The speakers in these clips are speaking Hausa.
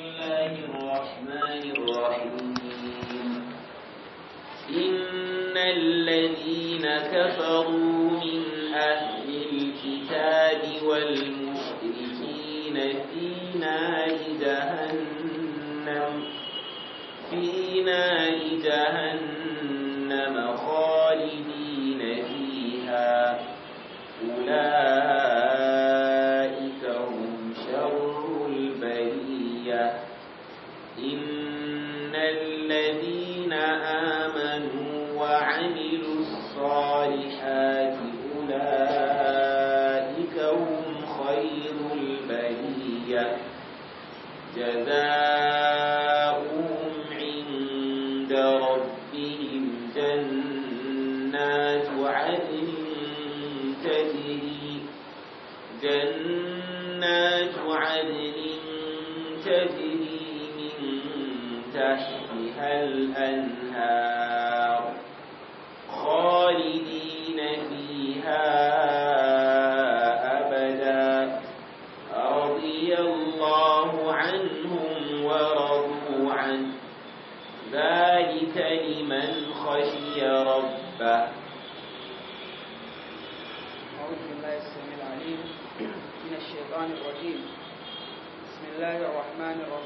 الله الرحمن الرحيم إن الذين كفروا من أهل الكتاب والمشركين في نار جهنم في نار جهنم خالدين فيها أولئك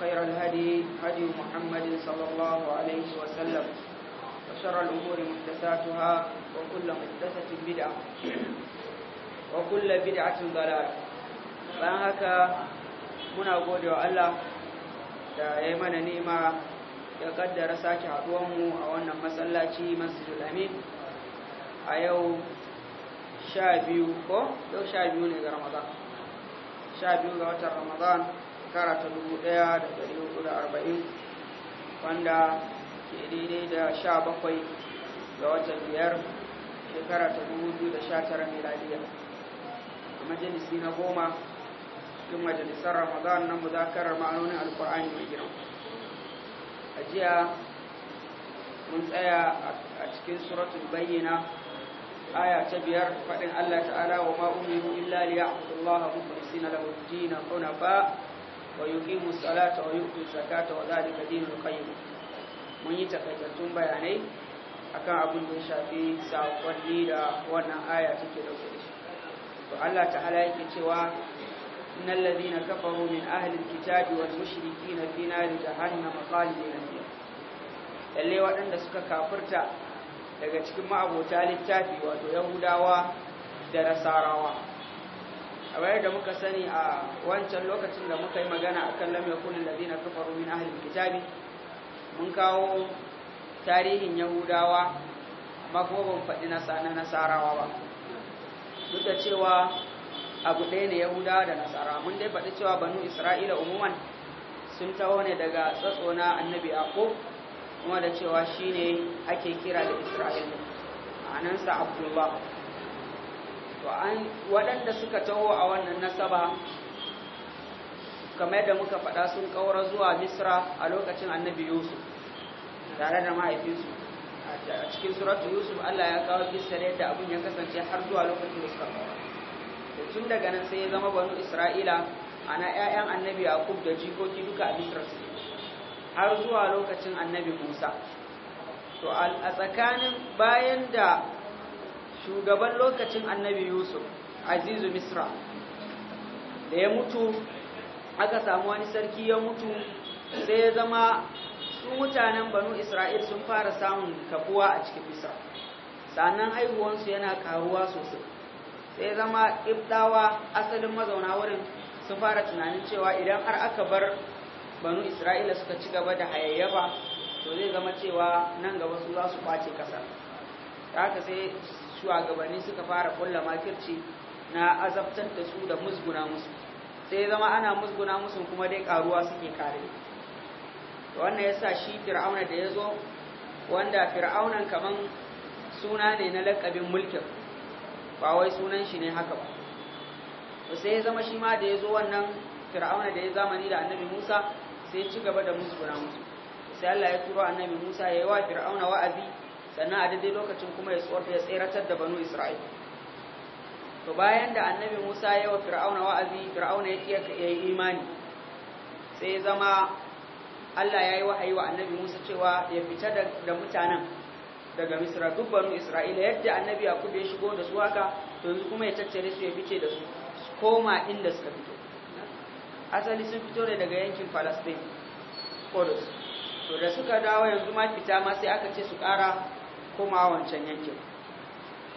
وخير الهدي هدي محمد صلى الله عليه وسلم وشر الأمور محدثاتها وكل محدثة بدعة وكل بدعة ضلالة bayan haka muna gode wa Allah da ya yi mana nema ya kaddara sake haduwanmu a wannan masallaci masjidul amin a yau sha biyu ga watan ramadan shekara ta arba'in, wanda ke daidai da sha bakwai ga wata biyar shekara ta tara miladiya a majalisi na goma cikin majalisar ramadan na muzakarar ma'anonin alkur'ani mai girma a jiya mun tsaya a cikin suratul bayyana aya ta biyar faɗin allah ta'ala wa ma'umiru illa liya abdullahi abu kulisina lahu dina hunafa ويقيم الصلاة ويؤتي الزكاة وذلك دين القيم mun yi takaitattun bayanai akan abin da ya shafi sakonni da wannan aya take da shi to Allah ta'ala yake cewa innal ladina kafaru min ahli alkitabi wal mushrikina fi nari jahannam khalidina fiha lalle waɗanda suka kafirta daga cikin ma'abota littafi wato yahudawa da nasarawa A kamar da muka sani a wancan lokacin da muka yi magana a akan lamya yakun alladhina kafaru min ahli kitabi, mun kawo tarihin yahudawa amma kuma ban faɗi na nasarawa ba duk da cewa abu ɗaya ne yahudawa da nasara mun dai faɗi cewa banu isra'ila umuman sun taho ne daga tsatso na annabi ako kuma da cewa shine ake kira da isra'ila ma'anansa abdullah to waɗanda suka taho a wannan nasaba kamar da muka faɗa sun ƙaura zuwa misra a lokacin annabi yusuf tare da mahaifinsu a cikin suratu yusuf allah ya kawo kisar yadda abin ya kasance har zuwa lokacin da suka ƙaura tun daga nan sai ya zama banu isra'ila ana 'ya'yan annabi yaqub da jikoki duka a misra su har zuwa lokacin annabi musa to a tsakanin bayan da shugaban lokacin annabi yusuf azizu misra da ya mutu aka samu wani sarki ya mutu sai ya zama su mutanen banu isra'il sun fara samun kafuwa a cikin misra sannan haihuwansu yana karuwa sosai sai ya zama ibdawa asalin mazauna wurin sun fara tunanin cewa idan har aka bar banu isra'ila suka ci gaba da hayayyafa to zai zama cewa nan gaba su za su kwace kasar haka sai shugabanni suka fara kulla makirci na azabtar da su da musguna musu sai zama ana musguna musu kuma dai karuwa suke kare wannan yasa shi fir'auna da yazo wanda fir'aunan kaman suna ne na lakabin mulkin ba wai sunan shi ne haka ba sai ya zama shi ma da yazo wannan fir'auna da ya zamani da annabi Musa sai ci gaba da musguna musu sai Allah ya turo annabi Musa yayi wa fir'auna wa'azi sannan a daidai lokacin kuma ya tsorta ya tseratar da banu isra'il to bayan da annabi musa ya wa fir'auna wa'azi fir'auna ya ya yi imani sai zama allah ya yi wahayi wa annabi musa cewa ya fita da mutanen daga misra duk banu isra'ila yadda annabi ya ya shigo da su haka to yanzu kuma ya tattare su ya fice da su su koma inda suka fito asali sun fito ne daga yankin palestine kodos to da suka dawo yanzu ma fita ma sai aka ce su ƙara komawa wancan yankin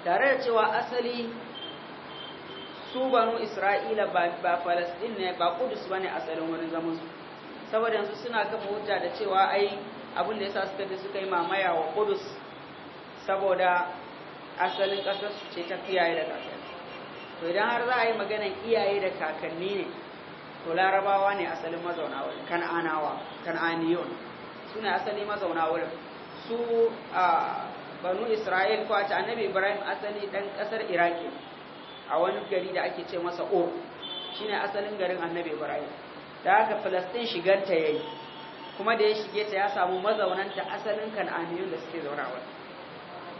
tare da cewa asali su banu isra'ila ba falastin ne ba kudus ba ne asalin wurin zaman su saboda yanzu suna kafa hujja da cewa ai abin da ya sa suka je suka yi mamaya wa kudus saboda asalin ƙasar su ce ta kiyaye da ƙasar to idan har za a yi maganar iyaye da kakanni ne to larabawa ne asalin mazauna wurin kan'anawa kan'aniyon su ne asali mazauna wurin su ah, banu Isra'il ko a ce annabi Ibrahim asali ɗan ƙasar Iraki a wani gari da ake ce masa O shi ne asalin garin annabi Ibrahim da haka Falastin shigarta ya yi kuma da ya shige ta ya samu mazaunanta asalin kan'aniyun da suke zauna wani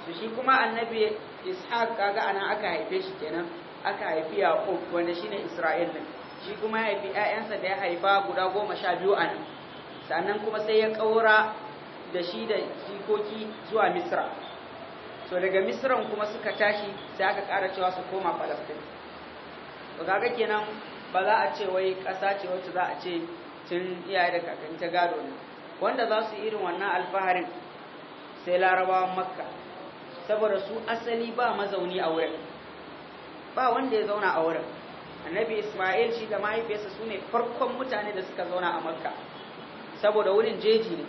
su shi kuma annabi Ishaq kaga ana aka haife shi kenan aka haifi Yaqub wanda shine Isra'il din shi kuma ya haifi 'ya'yansa da ya haifa guda goma sha biyu a nan sannan kuma sai ya ƙaura da shi da jikoki zuwa Misra to daga misran kuma suka tashi sai aka ƙara cewa su koma falastin ga gake kenan ba za a ce wai ƙasa ce wacce za a ce tun iyaye da kakanni ta gado ne wanda za su irin wannan alfaharin sai larabawan makka saboda su asali ba mazauni a wurin ba wanda ya zauna a wurin annabi isma'il shi da mahaifiyarsa su ne farkon mutane da suka zauna a makka saboda wurin jeji ne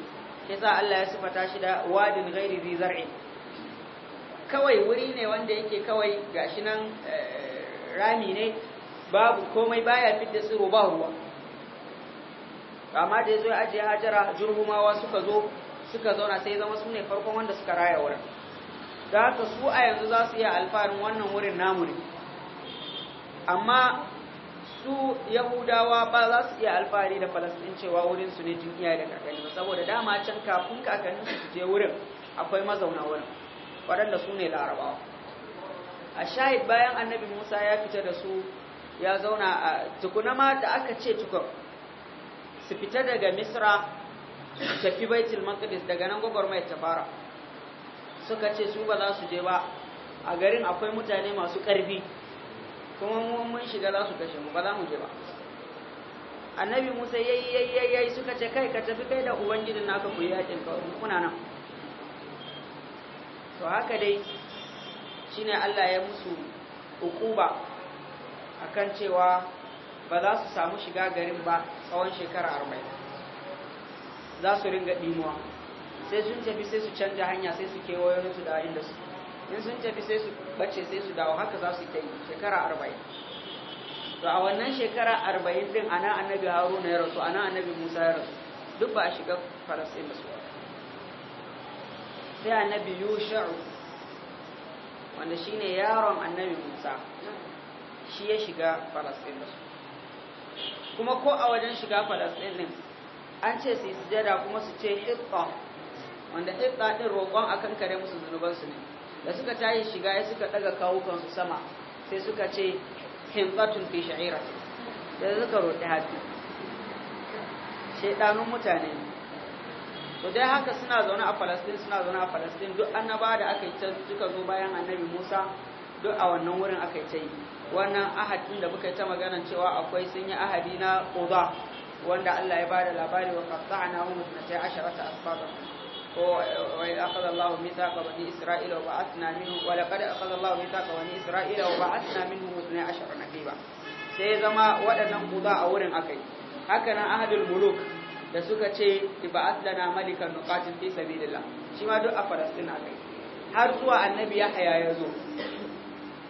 sai sa Allah ya sifata shi da wadin ghairi zi kawai wuri ne wanda yake kawai gashi nan eh, rami ne babu komai baya fidda tsiro ba ruwa amma da yazo ya ajiye hajara jurhumawa suka zo suka zauna sai zama su ne farkon wanda suka raya wurin da haka su a yanzu za su iya alfarin wannan wurin namu ne amma su yahudawa ba za su iya alfahari da falastin cewa wurin su ne jin iya da kakanni saboda dama can kafin kakannin su je wurin akwai mazauna wurin waɗanda su ne larabawa a shahid bayan annabi musa ya fita da su ya zauna a tukuna ma da aka ce tukun su fita daga misra tafi baitul maqdis daga nan gwagwarmayar ta fara suka ce su ba za su je ba a garin akwai mutane masu ƙarfi kuma mun shiga za su kashe mu ba za mu je ba annabi musa yayi yayi suka ce kai ka tafi kai da ubangijin naka ku yakin kawai kuna nan to haka dai shine Allah ya musu hukuba akan cewa ba za su samu shiga garin ba tsawon shekara arba'in za su ringa ɗimuwa sai sun tafi sai su canja hanya sai su kewayo su da inda su in sun tafi sai su bace sai su dawo haka za su kai shekara arba'in to a wannan shekara arba'in din ana annabi haruna ya rasu ana annabi musa ya rasu duk ba a shiga falasɗin da su ba sai annabi yusha'u wanda ne yaron annabi musa shi ya shiga falastin da su kuma ko a wajen shiga falastin din an ce su yi sujada kuma su ce hitsa wanda hitsa ɗin roƙon a kan kare musu zunubansu ne da suka tashi shiga ya suka ɗaga kawukansu sama sai suka ce himfatun fi sha'ira da suka roƙi hafi shaidanun mutane to dai haka suna zaune a Palestine suna zaune a Palestine duk annaba da aka yi ta suka zo bayan annabi Musa duk a wannan wurin aka yi ta yi wannan ahadin da muka yi ta magana cewa akwai sun yi ahadi na Quba wanda Allah ya bada labari wa qatta'na hum ta asharata asbaba وإذ أخذ الله ميثاق بني إسرائيل وبعثنا منهم ولقد أخذ الله ميثاق بني إسرائيل وبعثنا منهم اثني عشر نقيبا sai zama waɗannan kuza a wurin akai haka nan ahadul muluk da suka ce ibad lana malikan nuqatil fi sabilillah shi ma duk a Palestine kai har zuwa annabi Yahya ya zo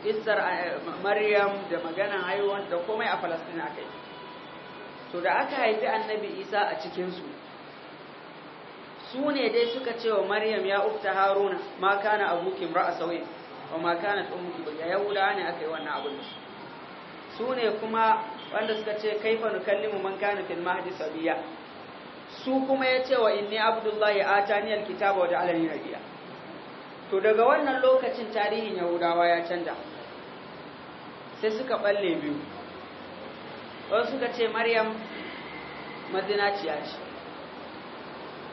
kissar eh, Maryam da maganan haihuwa da komai a Palestine kai to da aka haifi annabi Isa a cikin su su ne dai suka ce wa Maryam ya ukta Haruna ma kana abuki imra'a sauyin wa ma kanat ummuki baghiya yawla ne akai wannan abun su ne kuma wanda suka ce kaifa nukallimu man kana fil mahdi sabiya su kuma ya ce wa inni abdullahi A. atani kitaba wa ja'alani nabiyya to daga wannan lokacin tarihin yahudawa ya canja sai suka balle biyu wasu suka ce maryam ya ce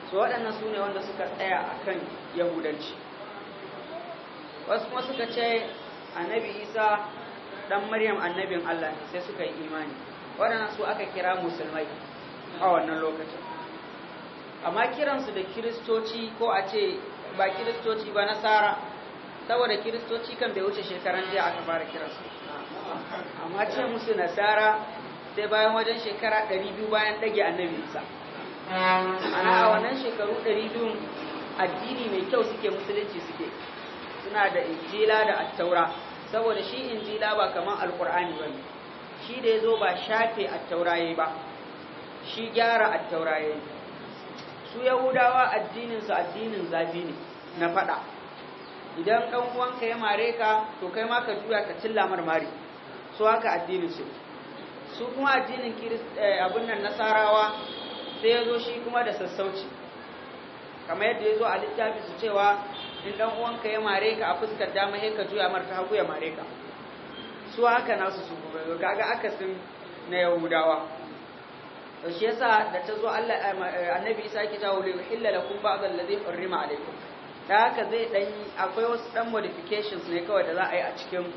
su waɗannan su ne wanda suka tsaya a kan yahudanci wasu kuma suka ce annabi isa ɗan maryam annabin allah sai suka yi imani waɗannan su aka kira musulmai a wannan lokacin amma kiransu da kiristoci ko a ce ba kiristoci ba nasara saboda kiristoci kan bai wuce shekaran jiya aka fara kiransu amma ce musu nasara sai bayan wajen shekara 200 bayan dage annabi isa ana a wannan shekaru 200 addini mai kyau suke musulunci suke suna da injila da attaura saboda shi injila ba kamar alkur'ani ba shi da ya zo ba shafe attaura ba shi gyara attaura su yahudawa addininsu addinin zafi ne na faɗa idan ɗan uwanka ya mare ka to kai ma ka juya ka cilla marmari su haka addininsu su kuma addinin eh, abin nan nasarawa sai ya zo shi kuma da sassauci kamar yadda ya zo a littafi su cewa in ɗan uwanka ya mare ka a fuskar dama sai ka juya marta hagu ya mare ka su haka nasu su gaga akasin na yahudawa shi yasa da ta zo Allah eh, eh, annabi Isa yake tawo li hilla lakum ba'd alladhi harrima alaykum da haka zai dan akwai wasu dan modifications ne kawai da za a yi a cikin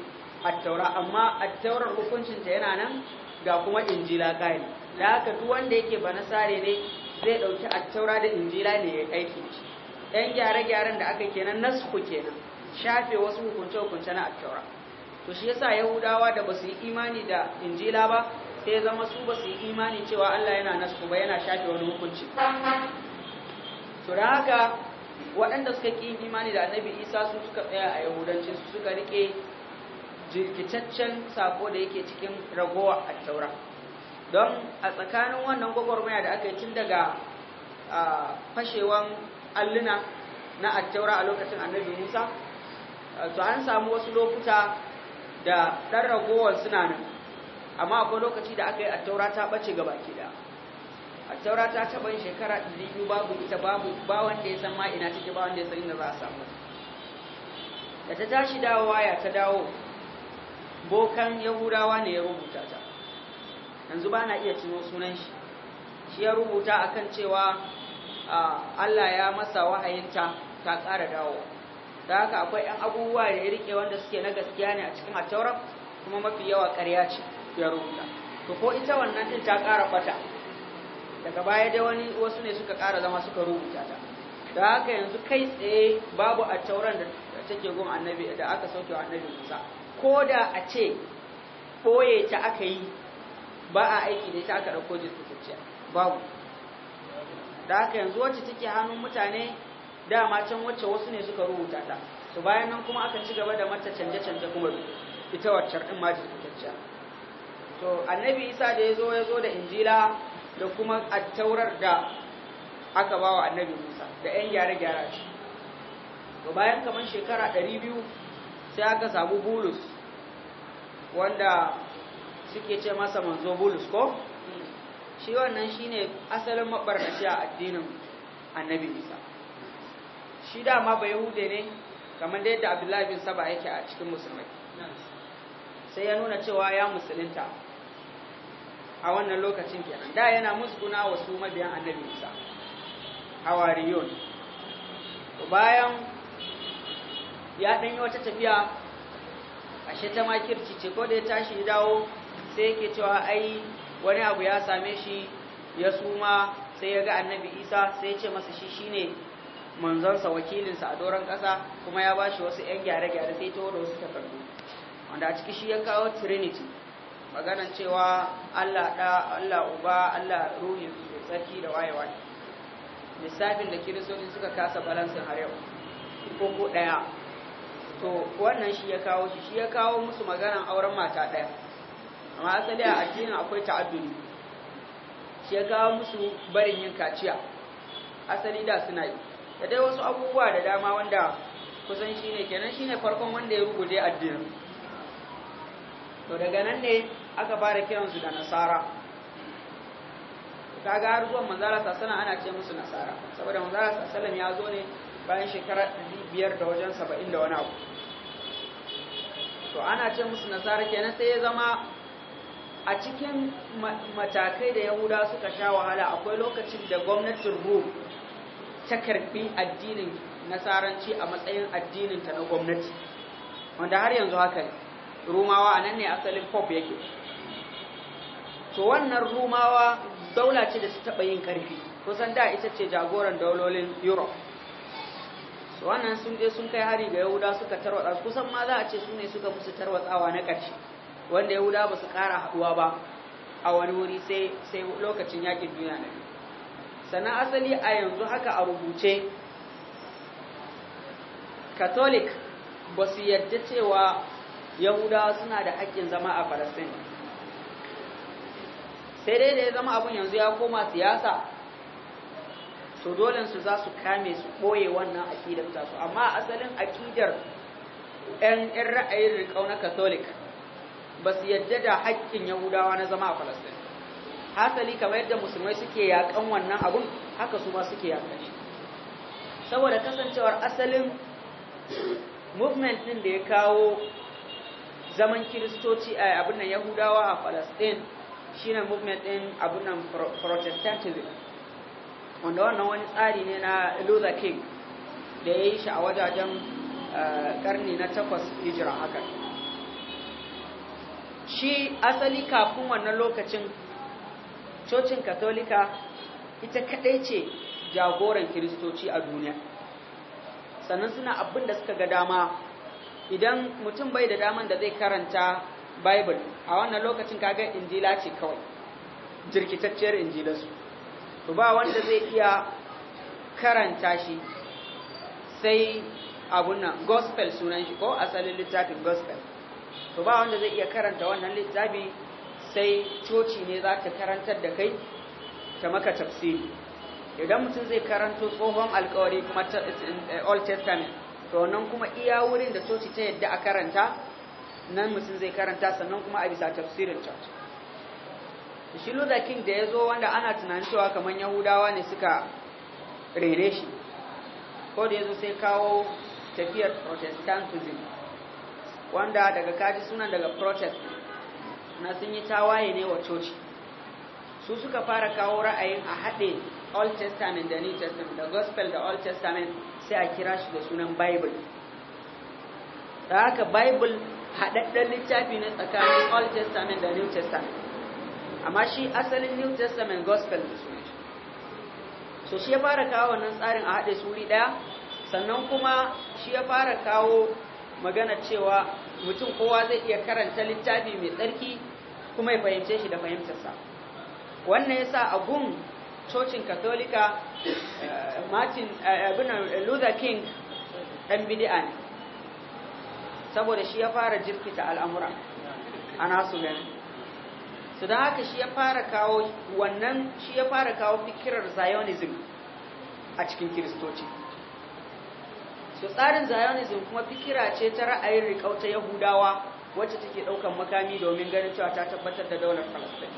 at-taura amma at taura hukuncin ta yana nan ga kuma injila kai da haka duk wanda yake ba nasare ne zai dauki at-taura da injila ne ya aiki dan gyare-gyaren da aka kenan ku kenan shafe wasu hukunce-hukunce na at-taura to shi yasa yahudawa da basu yi imani da injila ba sai zama su ba su yi imanin cewa Allah yana nasu ba yana shafe wani hukunci to da haka waɗanda suka ƙi imani da annabi isa su suka tsaya a Yahudanci su suka rike jirkitaccen sako da yake cikin ragowa a taura don a tsakanin wannan gwagwarmaya da aka yi tun daga fashewan alluna na al-taura a lokacin annabi musa to an samu wasu lokuta da ɗan ragowar suna nan amma akwai lokaci da aka yi a taura ta ɓace gaba ke da taura ta taɓa yin shekara ɗari biyu babu ita babu ba wanda ya san ma'ina ina take ba wanda ya san inda za a samu da ta tashi dawowa ya ta dawo bokan yahudawa ne ya rubuta ta yanzu ba na iya tuno sunan shi shi ya rubuta a kan cewa Allah ya masa wahayinta ta ƙara dawo da haka akwai 'yan abubuwa da ya rike wanda suke na gaskiya ne a cikin a kuma mafi yawa ƙarya ce ya rubuta to ko ita wannan din ta ƙara kwata daga baya dai wani wasu ne suka ƙara zama suka rubuta ta da haka yanzu kai tsaye babu a tauran da take gun annabi da aka sauke wa annabi Musa ko da a ce ɓoye ta aka yi ba a aiki da ita aka ɗauko jiskutacciya babu da haka yanzu wacce take hannun mutane dama can wacce wasu ne suka rubuta ta to bayan nan kuma aka ci gaba da mata canje-canje kuma ita wacce ɗin ma jiskutacciya to annabi isa da ya zo ya zo da injila da kuma taurar da aka ba wa annabi musa da 'yan gyare-gyara shi to bayan kamar shekara 200 sai aka samu bulus wanda suke ce masa manzo bulus ko shi wannan shi ne asalin shi a addinin annabi isa shi dama ba yahude ne kamar da yadda abdullahi bin saba yake a cikin musulmai sai ya nuna cewa ya musulunta a wannan lokacin nan da yana musguna wa su mabiyan annabi Isa hawariyun bayan ya dan yi wata tafiya ashe ta makirci ce ko da ya tashi ya dawo sai yake cewa ai wani abu ya same shi ya suma sai ya ga annabi Isa sai ya ce masa shi shine manzonsa wakilinsa a doron ƙasa kuma ya ba shi wasu 'yan gyare-gyare sai ta da wasu takardu wanda a ciki shi ya kawo trinity maganan cewa Allah ɗa Allah uba Allah ruhi tsaki da wayewa lissafin da kiristoci suka kasa balansin har yau ko ko ɗaya to wannan shi ya kawo shi shi ya kawo musu maganan auren mata ɗaya amma asali a addinin akwai ta'addudi shi ya kawo musu barin yin kaciya asali da suna yi da dai wasu abubuwa da dama wanda kusan shine kenan shine farkon wanda ya ruguje addinin to daga nan ne aka fara kiransu da nasara kaga har zuwan Manzara sassana ana ce musu nasara saboda Manzara sassana ya zo ne bayan shekara 500 da wajen 70 da wani abu to ana ce musu nasara kenan sai ya zama a cikin matakai da yahuda suka sha wahala akwai lokacin da gwamnatin rum ta karfi addinin nasaranci a matsayin addininta na gwamnati wanda har yanzu haka ne rumawa a nan ne asalin pop yake to wannan rumawa daula ce da su taɓa yin ƙarfi kusan da ita ce jagoran daulolin europe su wannan sun je sun kai hari ga yahuda suka tarwatsa kusan ma za a ce su ne suka musu tarwatsawa na ƙarshe wanda yahuda ba su ƙara haɗuwa ba a wani wuri sai lokacin yakin duniya na biyu sannan asali a yanzu haka a rubuce catholic ba su yarda cewa yahudawa suna da haƙƙin zama a palestine sai dai da ya zama abin yanzu ya koma siyasa to dole su za su kame su koye wannan akidar ta su amma asalin akidar ɗan ɗan ra'ayin riƙau na catholic ba su yadda da haƙƙin yahudawa na zama a falastin hasali kamar yadda musulmai suke yaƙan wannan abun haka su ma suke yaƙan shi saboda kasancewar asalin movement ɗin da ya kawo zaman kiristoci a eh, abin nan yahudawa a falastin shine movement din abun nan protestantism wanda wannan wani tsari ne na Luther King da ya yi shi a wajajen karni eh, na takwas hijira haka shi asali kafin wannan lokacin cocin katolika ita kadai ce jagoran kiristoci a duniya sannan suna abin da suka ga dama idan mutum bai da daman da zai karanta bible a wannan lokacin kaga injila ce kawai jirkitacciyar injilansu to ba wanda zai iya karanta shi sai abun nan gospel sunan shi ko asalin littafin gospel to ba wanda zai iya karanta wannan littafi sai coci ne za ta karantar da kai ta maka tafsiri idan mutum zai karanto tsohon alkawari kuma eh, old testament to nan kuma iya wurin da coci ta yadda a karanta nan mutum zai karanta sannan kuma a bisa tafsirin ta. shi Luther King da ya zo wanda ana tunanin cewa kamar Yahudawa ne suka rere shi ko da ya zo sai kawo tafiyar Protestantism wanda daga kaji sunan daga protest na sun yi tawaye ne wa coci su suka fara kawo ra'ayin a haɗe Old Testament da New Testament da Gospel da Old Testament sai a kira shi da sunan Bible da haka Bible haɗaɗɗen littafi ne tsakanin Old Testament da New Testament. Amma shi asalin New Testament Gospel ne su So shi ya fara kawo wannan tsarin a haɗe su wuri ɗaya, sannan kuma shi ya fara kawo magana cewa mutum kowa zai iya karanta littafi mai tsarki kuma ya fahimce shi da fahimtarsa. Wannan ya sa a gun cocin Katolika eh, Martin eh, Luther King ɗan bidi'a ne. saboda shi ya fara jirkita al'amura a nasu gani su da haka shi ya fara kawo wannan shi ya fara kawo fikirar zionism a cikin kiristoci su tsarin zionism kuma fikira ce ta ra'ayin rikauta yahudawa wacce take ɗaukan makami domin ganin cewa ta tabbatar da daular falastin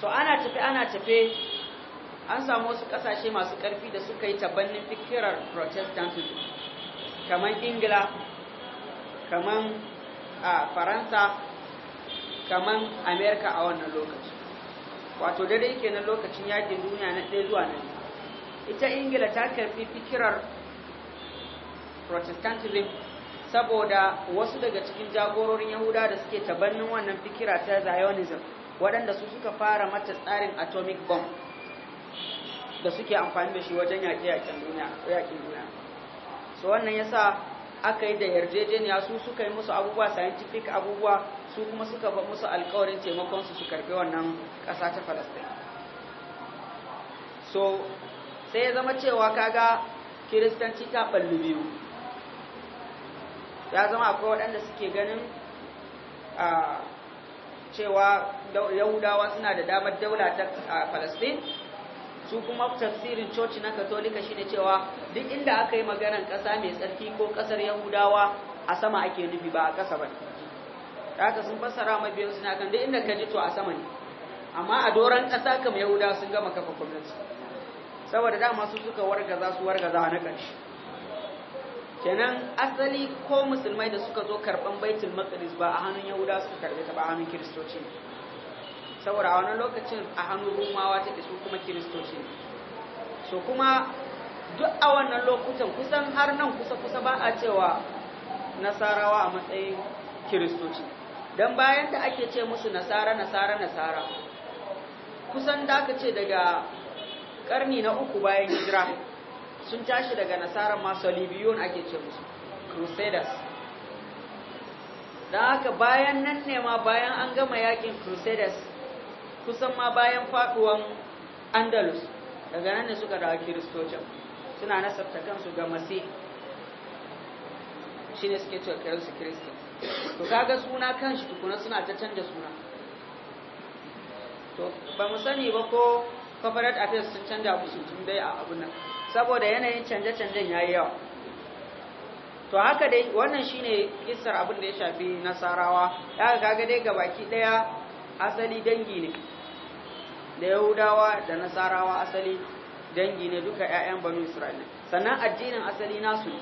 so ana tafe ana tafe an samu wasu ƙasashe masu ƙarfi da suka yi tabannin fikirar protestantism kamar ingila kamar a faransa kamar amerika a wannan lokaci wato daidai kenan lokacin yakin duniya na ɗaya zuwa nan ita ingila ta karfi fikirar protestantism saboda wasu daga cikin jagororin yahuda da suke tabannin wannan fikira ta zionism waɗanda su suka fara mata tsarin atomic bomb da suke amfani da shi wajen yaƙi yaƙin duniya so wannan yasa aka yi da yarjejeniya su suka yi musu abubuwa scientific abubuwa su kuma suka ba musu alkawarin taimakon su su karbe wannan kasa ta Palestine so sai ya zama cewa kaga kiristanci ta ballu biyu ya zama akwai waɗanda suke ganin a cewa yahudawa suna da damar daula ta Palestine su kuma tafsirin coci na katolika shine cewa duk inda aka yi maganar ƙasa mai tsarki ko ƙasar yahudawa a sama ake nufi ba a ƙasa ba haka sun fassara mabiyan suna kan duk inda ka ji to a sama ne amma a doron ƙasa kam yahudawa sun gama kafa gwamnati saboda dama su suka wargaza su wargaza na ƙarshe kenan asali ko musulmai da suka zo karɓan baitul maqdis ba a hannun yahudawa suka karɓe ta ba a hannun kiristoci ne saboda a wannan lokacin a hannun rumawa ta su kuma kiristoci so kuma duk a wannan lokutan kusan har nan kusa-kusa ba a cewa nasarawa a matsayin kiristoci don bayan da ake ce musu nasara nasara nasara kusan da aka ce daga karni na uku bayan hijira sun tashi daga nasara masu libiyon ake ce musu crusaders da haka bayan nan nema bayan an gama yakin crusaders kusan ma bayan faduwan andalus daga nan ne suka dawo kiristocin suna nasabta kansu ga masih shi ne suke cewa kayansu kiristin to kaga suna kanshi tukuna suna ta canja suna to ba mu sani ba ko a affairs sun canja musu tun dai a abun nan saboda yanayin canje-canjen ya yi yawa to haka dai wannan shine kissar abin da ya shafi nasarawa ya kaga dai ga baki daya asali dangi ne da yahudawa da nasarawa asali dangi ne duka 'ya'yan banu isra'ila sannan addinin asali nasu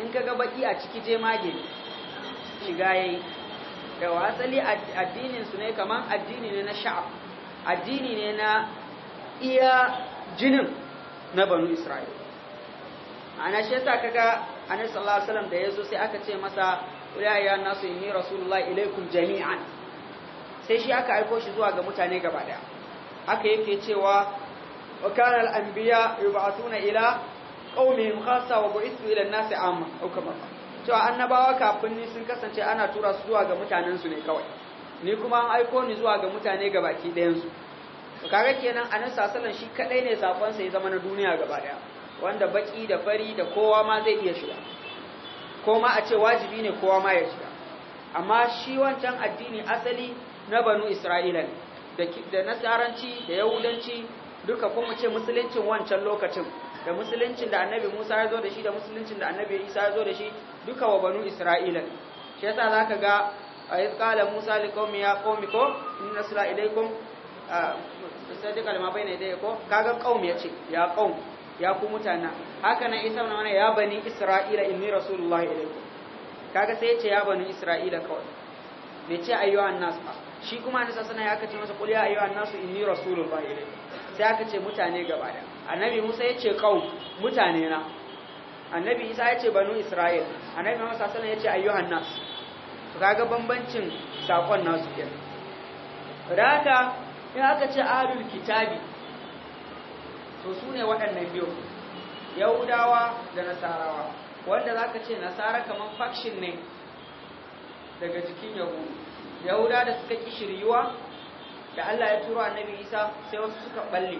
in ka ga baki a ciki jemage shiga yayi yawa asali addinin su ne kaman addini ne na sha'ab addini ne na iya jinin na banu isra'ila ana shi yasa kaga annabi sallallahu alaihi wasallam da yazo sai aka ce masa ya ya nasu yi rasulullahi ilaikum jami'an sai shi aka aiko shi zuwa ga mutane gaba daya haka yake cewa wa kana al-anbiya yub'athuna ila qaumihim khassa wa bu'ithu ila an-nasi amma au kama cewa annabawa kafin ni sun kasance ana tura su zuwa ga mutanen su ne kawai ni kuma an aiko ni zuwa ga mutane gabaki ɗayan su kaga kenan anan sasalan shi kadai ne sakon sa ya zama na duniya gaba daya wanda baki da fari da kowa ma zai iya shiga ko ma a ce wajibi ne kowa ma ya shiga amma shi wancan addini asali na banu isra'ila ne da nasaranci da yahudanci duka ko mu ce musuluncin wancan lokacin da musuluncin da annabi Musa ya zo da shi da musuluncin da annabi Isa ya zo da shi duka wa banu Isra'ila shi yasa zaka ga ayat qala Musa liqaumi ya qaumi ko inna sala ilaikum sadiqa lima bayna idai ko kaga qaum yace ya qaum ya ku mutana haka nan Isa ne ya bani Isra'ila inni rasulullahi ilaikum kaga sai yace ya bani Isra'ila kawai bai ce ayyuhan nas ba shi kuma annabi sallallahu alaihi wasallam ya kace masa qul ya ayyuhan nasu inni rasulullah ilaykum sai aka ce mutane gaba da annabi Musa ya ce mutane na annabi Isa ya ce banu Isra'il annabi Muhammad sallallahu alaihi wasallam ya ce ayyuhan nas to kaga bambancin sakon nasu kenan raka in aka ce ahlul kitabi to su ne waɗannan biyo. yahudawa da nasarawa wanda zaka ce nasara kaman faction ne daga jikin yahudu yahuda da suka ki shiryuwa da Allah ya turo annabi Isa sai wasu suka balle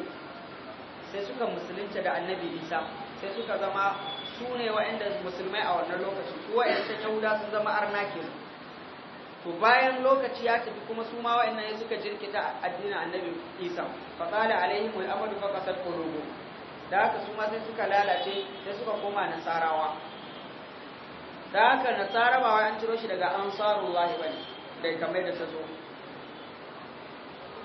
sai suka musulunta da annabi Isa sai suka zama su ne wa'anda musulmai a wannan lokaci su wa'anda yahuda sun zama arna ke. to bayan lokaci ya tafi kuma su ma ya suka jirkita addinin annabi Isa fa qala alaihim al-amadu fa qasat qulubu da haka su ma sai suka lalace sai suka koma nasarawa da haka nasarawa ba an ciro shi daga ansarullahi bane kai kamar da ta zo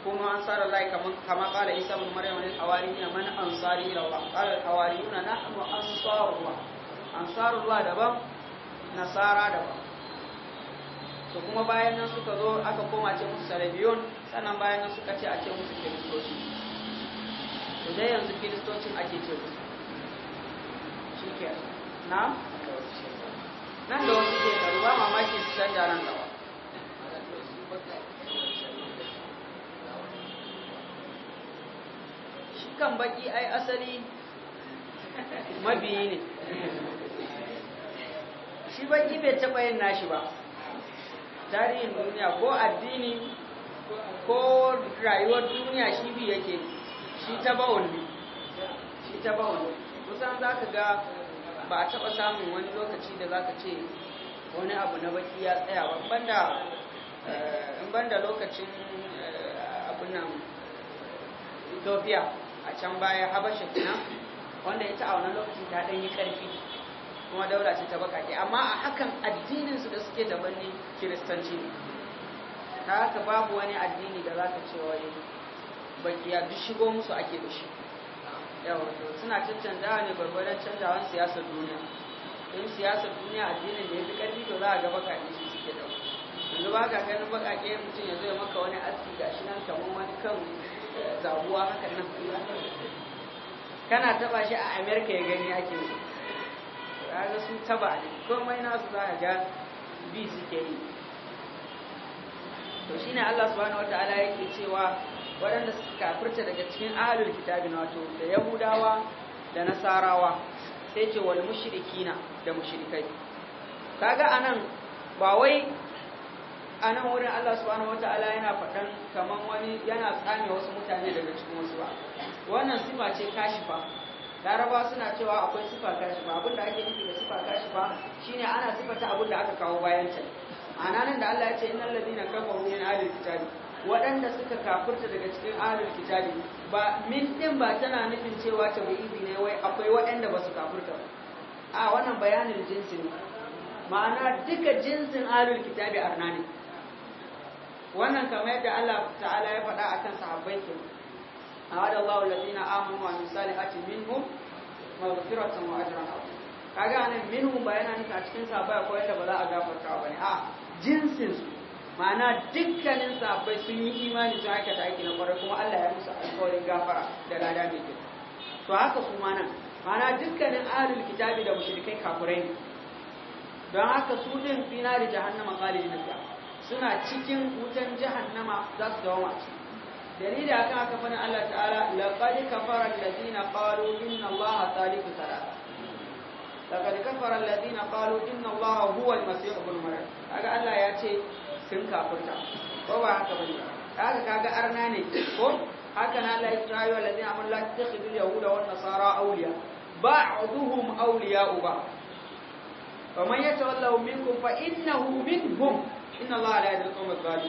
kuma ansar Allah kaman kama kala Isa bin Maryam ne hawariyuna na ansari ila Allah qala hawariyuna nahnu ansarullah ansarullah daban nasara daban to kuma bayan nan suka zo aka koma ce musu salabiyun sannan bayan nan suka ce a ce musu kiristoci to dai yanzu kiristocin ake ce musu ke na nan da wasu shekaru ba mamaki su canja nan gaba shi kan baki ai asali mabiyi ne shi baki bai taɓa yin nashi ba tarihin duniya ko addini ko rayuwar duniya shi bi yake shi ta bawon shi ta bawon kusan za ka ga ba a taɓa samun wani lokaci da za ka ce wani abu na baki ya tsaya babban banda Eh, in ban da lokacin eh, abin nan ethiopia a can baya habasha kenan wanda ita a wannan lokacin ta ɗan yi ƙarfi kuma daura ce ta ke amma a hakan addininsu da suke daban ne kiristanci ne ta haka babu wani addini da za ka ce wani bakiya duk shigo musu ake da shi yawa suna cancanzawa ne gwargwadon canzawan siyasar duniya in siyasar duniya addinin da ya fi ƙarfi to za a gaba ka su suke da yanzu ba ka ganin baƙaƙe mutum ya zai maka wani aski ga shi nan kamar wani kan eh, zabuwa hakan nan kana taba shi a amerika ya gani ake yi ga sun taba ne komai nasu za a ga bi suke yi to shine allah subhanahu wata'ala yake cewa waɗanda suka furta daga cikin ahalul kitabi wato da yahudawa da nasarawa sai ce wal mushrikina da mushrikai kaga anan ba wai a wurin Allah subhanahu wataala yana fadan kaman wani yana tsame wasu mutane daga cikin wasu ba wannan sifa ce kashifa Daraba suna cewa akwai sifa kashifa abinda ake nufi da sifa kashifa shine ana sifata abinda aka kawo bayan ta ma'ana nan da Allah ya ce innal ladina kafaru min ahli kitabi waɗanda suka kafirta daga cikin ahli kitabi ba min din ba tana nufin cewa ta tabi'i ne wai akwai waɗanda ba su kafirta ba a wannan bayanin jinsi ne ma'ana duka jinsin ahli kitabi arna ne wannan kamar yadda Allah ta'ala ya faɗa akan sahabbai ke awada a misali amanu wa salihati minhum maghfiratan wa A kaga minhu ba yana ne a cikin sahabbai akwai yadda ba za a gafarta bane a jinsin su ma'ana dukkanin sahabbai sun yi imani sun ta aiki na kwarai kuma Allah ya musu alkawarin gafara da lada mai kyau to haka su ma nan ma'ana dukkanin ahlul kitabi da mushrikai kafurai ne don haka su din fina da jahannama khalidin fiha suna cikin wutan jahannama za su dawo mace da akan haka fana Allah ta'ala laqad kafara alladhina qalu inna Allaha thalithu thalatha laqad kafara alladhina qalu inna Allaha huwa al-masih ibn maryam kaga Allah ya ce sun kafirta ko ba haka bane kaga kaga arna ne ko haka na Allah ya ce ayu alladhina amanu la tattakhidul yahuda wan nasara awliya ba'duhum awliya'u ba faman yatawallahu minkum fa innahu minhum inna Allah la yahdi al-qawma adh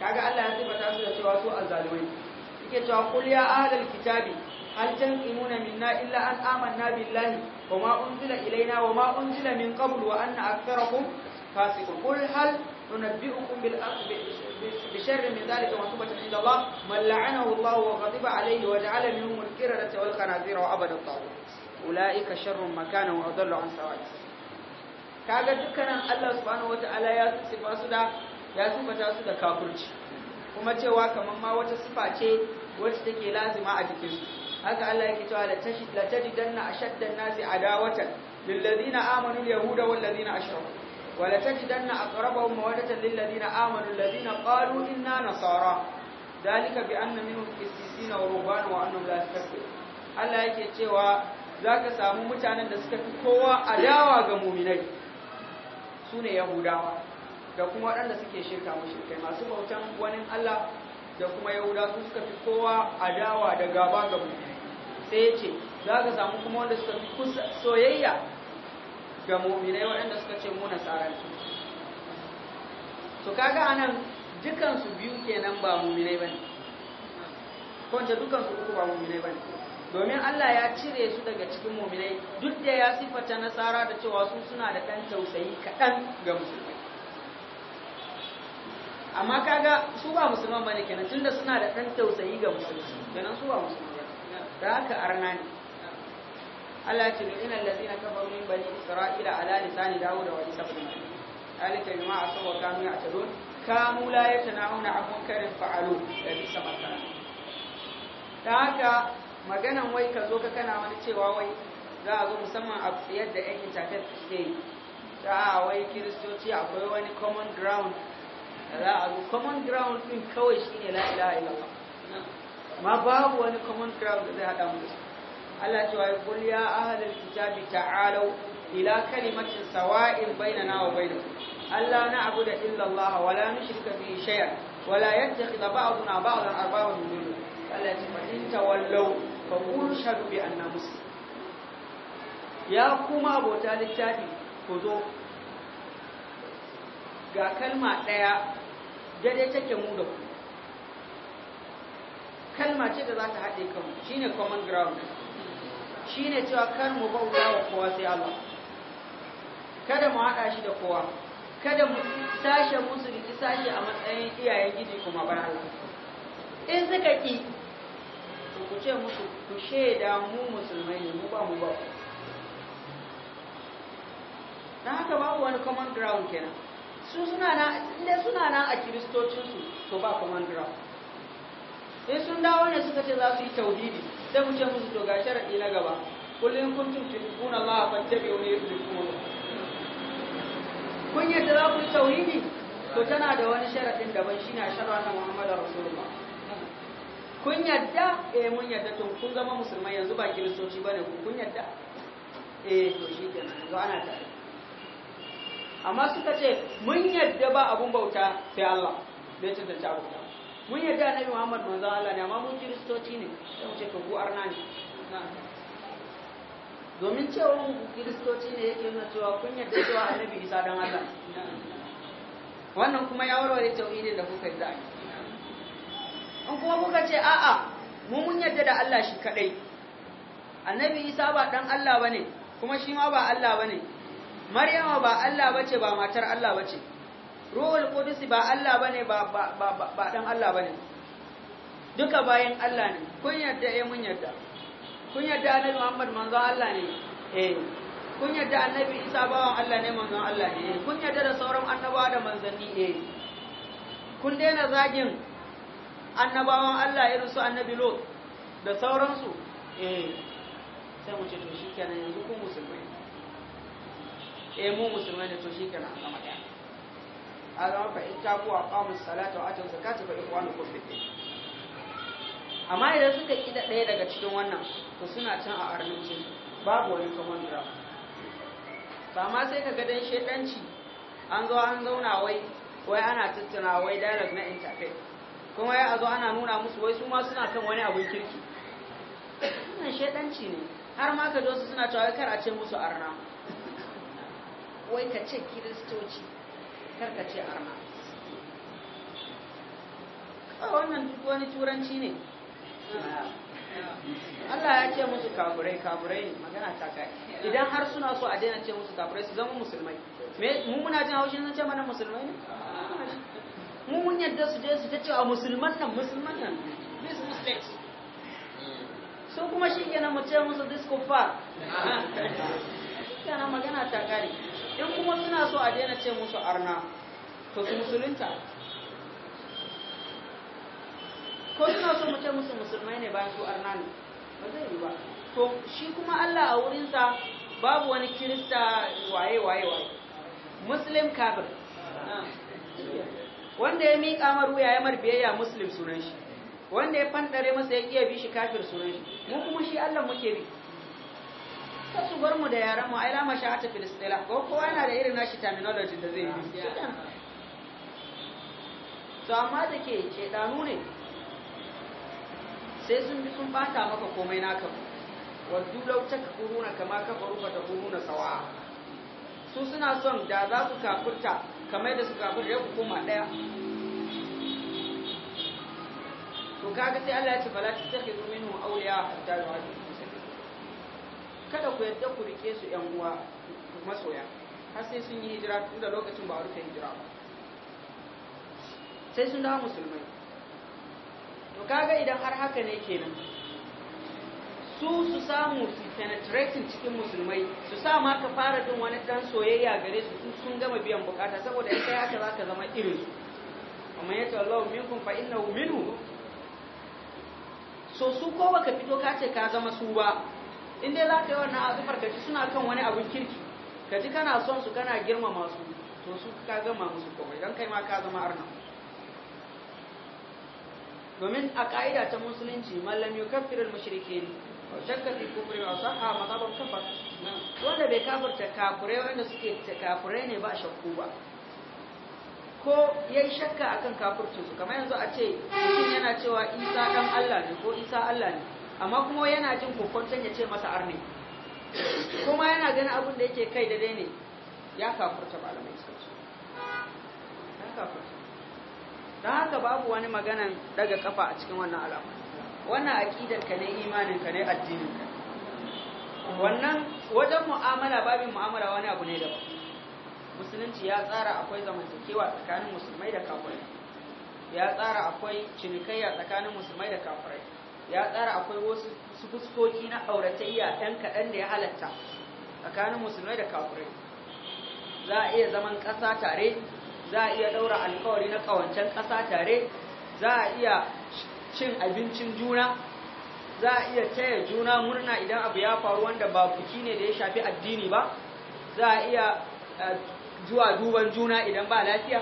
kaga Allah ya sifata su da cewa su azzalimai yake cewa qul ya ahlal kitabi hal tanqimuna minna illa an amanna billahi wama unzila ilaina wama unzila min qabl wa anna aktharakum fasiqun qul hal nunabbi'ukum bil بشر من ذلك مثوبة عند الله من لعنه الله وغضب عليه وجعل منهم الكرة والخنازير وعبد الطاغوت أولئك شر مكانا وأضل عن سواء السبيل kaga dukkanin Allah subhanahu wata'ala ya sifa su da ya sifata su da kafirci kuma cewa kaman ma wata sifa ce wacce take lazima a jikin su haka Allah yake cewa la tajidanna ashaddan nasi adawatan lil ladina amanu al yahuda wal ladina ashraku wa la tajidanna aqrabahum mawaddatan lil ladina amanu alladhina qalu inna nasara dalika bi anna minhum qissisina wa ruban wa annahum la yastakbirun Allah yake cewa zaka samu mutanen da suka fi kowa adawa ga mu'minai su ne yahudawa da kuma waɗanda suke shirka mushrikai masu bautan wani Allah da kuma yahudawa su suka fi kowa adawa da gaba ga mu'mini sai ya ce za ka samu kuma wanda suka fi kusa soyayya ga mu'minai waɗanda suka ce mu tsara su to kaga anan dukansu biyu kenan ba mu'minai bane ko dukansu uku ba mu'minai bane domin Allah ya cire su daga cikin muminai duk da ya sifata nasara da cewa su suna da ɗan tausayi kaɗan ga musulmai amma kaga su ba musulman bane kenan tunda suna da ɗan tausayi ga musulmi kenan su ba musulmai da haka arna ne Allah ya ce inna ladina kafaru min bani isra'ila ala lisani dawuda wa isa ibn ذلك بما عصوا وكانوا يعتدون كانوا لا يتناهون عن منكر فعلوه لبئس ما كانوا da haka maganan wai ka zo ka kana wani cewa wai za a zo musamman a tsayar da yan itafet suke yi ta wai kiristoci akwai wani common ground za a zo common ground din kawai shi ne la ilaha illallah ma babu wani common ground da zai hada mu Allah ce wa qul ya ahlal kitabi ta'alu ila kalimatin sawa'in bainana wa bainakum alla na'budu illa Allah wa la nushrika bihi shay'an wa la yattakhidha ba'duna ba'dan arbaban min dunillah Allah ya ce fa in tawallaw fa qul shahadu bi ya kuma abota littafi ku zo ga kalma ɗaya daidai take mu da ku kalma ce da za ta haɗe kanmu ne common ground Shi ne cewa kar mu bauta wa kowa sai Allah kada mu haɗa shi da kowa kada mu sashe musu riki sashe a matsayin iyayen gidi kuma bar Allah in suka ƙi. to ku ce musu ku shaida mu musulmai ne mu ba mu ba ku na haka babu wani common ground kenan su suna na inda suna na a kiristocinsu to ba common ground Sai sun dawo ne suka ce za su yi tauhidi sai mu ce musu to ga sharadi na gaba kullum kuntum tuhibbuna Allah fattabi'uni yuhibbukum kun yadda za ku yi tauhidi to tana da wani sharadin daban shine sharwa na Muhammadu Rasulullah kun yadda eh mun yadda to kun zama musulmai yanzu ba kiristoci bane ku kun yadda eh to shi nan yanzu ana tare amma suka ce mun yadda ba abun bauta sai Allah bai tantance abun bauta mun yadda annabi Muhammad manzo Allah ne amma mun kiristoci ne sai mu ce to ku arna ne domin cewa kiristoci ne yake nuna cewa kun yadda cewa annabi Isa dan Allah wannan kuma ya warware tauhidin da kuka yi da in kuma kuka ce a'a mu mun yarda da Allah shi kadai annabi isa ba dan Allah bane kuma shi ma ba Allah bane maryama ba Allah bace ba matar Allah bace ruhul qudus ba Allah bane ba ba ba dan Allah bane duka bayan Allah ne kun yarda eh mun yarda kun yarda annabi Muhammad manzo Allah ne eh kun yarda annabi Isa bawan Allah ne manzo Allah ne eh. kun yarda da sauran annabawa da manzanni eh kun daina zagin annabawan Allah irin su annabi Lot da sauransu eh sai mu ce to shikenan yanzu ku musulmai eh mu musulmai ne to shikenan an gama A Allah fa in tabu wa qamu salata wa atu zakata fa ikhwanukum fi din amma idan suka kida ɗaya daga cikin wannan to suna can a arnuce babu wani kaman dira ba ma sai ka ga dan shedanci an zo an zauna wai wai ana tattuna wai dialogue na interfaith kuma ya zo ana nuna musu wai su ma suna kan wani abin kirki wannan shaidanci ne har ma ka dosu suna cewa kar a ce musu arna wai ka ce kiristoci kar ka ce arna wannan duk wani turanci ne Allah ya ce musu kafurai kafurai magana ta kai idan har suna so a daina ce musu kafurai su zama musulmai mu muna jin haushin sun ce mana musulmai ne mu mun yadda su je su ta cewa musulman nan musulman nan this mistake so kuma shi kenan mu ce musu this kuffar kenan magana ta kare in kuma suna so a daina ce musu arna to su musulunta ko suna so mu ce musu musulmai ne bayan su arna ne ba zai yi ba to shi kuma Allah a wurinsa babu wani kirista waye waye waye muslim kafir ah. wanda ya miƙa maru wuya ya yi biyayya muslim sunan shi wanda ya fandare masa ya kiya bi shi kafir sunan shi mu kuma shi Allah muke bi ta su bar mu da yaran mu aila mashahata fil istilah ko kowa yana da irin nashi terminology da zai yi to amma da ke ɗanu ne sai sun bi sun bata maka komai naka waddu law takfuruna kama kafaru fa takununa sawa su suna son da za ku kafurta kamar da suka da ya koma ɗaya to kaga sai Allah ya ce fala tattakhidu minhum awliya hatta yuhadu kada ku yadda ku rike su yan uwa masoya har sai sun yi hijira tun da lokacin ba a rufe hijira ba sai sun dawo musulmai to kaga idan har haka ne kenan su su samu su penetrating cikin musulmai su sa ma ka fara jin wani dan soyayya gare su su sun gama biyan bukata saboda in kai haka zaka zama irin su amma yace Allahu minkum fa innahu minhu so su ko baka fito ka ce ka zama su ba in dai zaka yi wannan azufar ka ji suna kan wani abun kirki ka ji kana son su kana girmama su to su ka gama musu komai dan kai ma ka zama arna domin a ka'ida ta musulunci mallam yukaffiru al mushrikeen shakka fi kufri wa sahha madhabul kafar wanda bai kafarta kafurai wanda suke kafurai ne ba shakku ba ko yayi shakka akan kafircin su kamar yanzu a ce mutum yana cewa Isa dan Allah ne ko Isa Allah ne amma kuma yana jin kokonton ya ce masa arne kuma yana ganin abin da yake kai da dai ne ya kafurta malamai suka ya kafurta don haka babu wani maganan daga kafa a cikin wannan al'amari wannan aqidar ka ne imanin ka ne addinin ka wannan wajen mu'amala babin mu'amala wani abu ne daban musulunci ya tsara akwai zamantakewa tsakanin musulmai da kafirai ya tsara akwai cinikayya tsakanin musulmai da kafirai ya tsara akwai wasu sufuskoki na auratayya ɗan kaɗan da ya halatta tsakanin musulmai da kafirai za a iya zaman ƙasa tare za a iya ɗaura alkawari na ƙawancen ƙasa tare za a iya cin abincin juna za a iya taya juna murna idan abu ya faru wanda ba buki ne da ya shafi addini ba za a iya eh, zuwa duban juna idan ba lafiya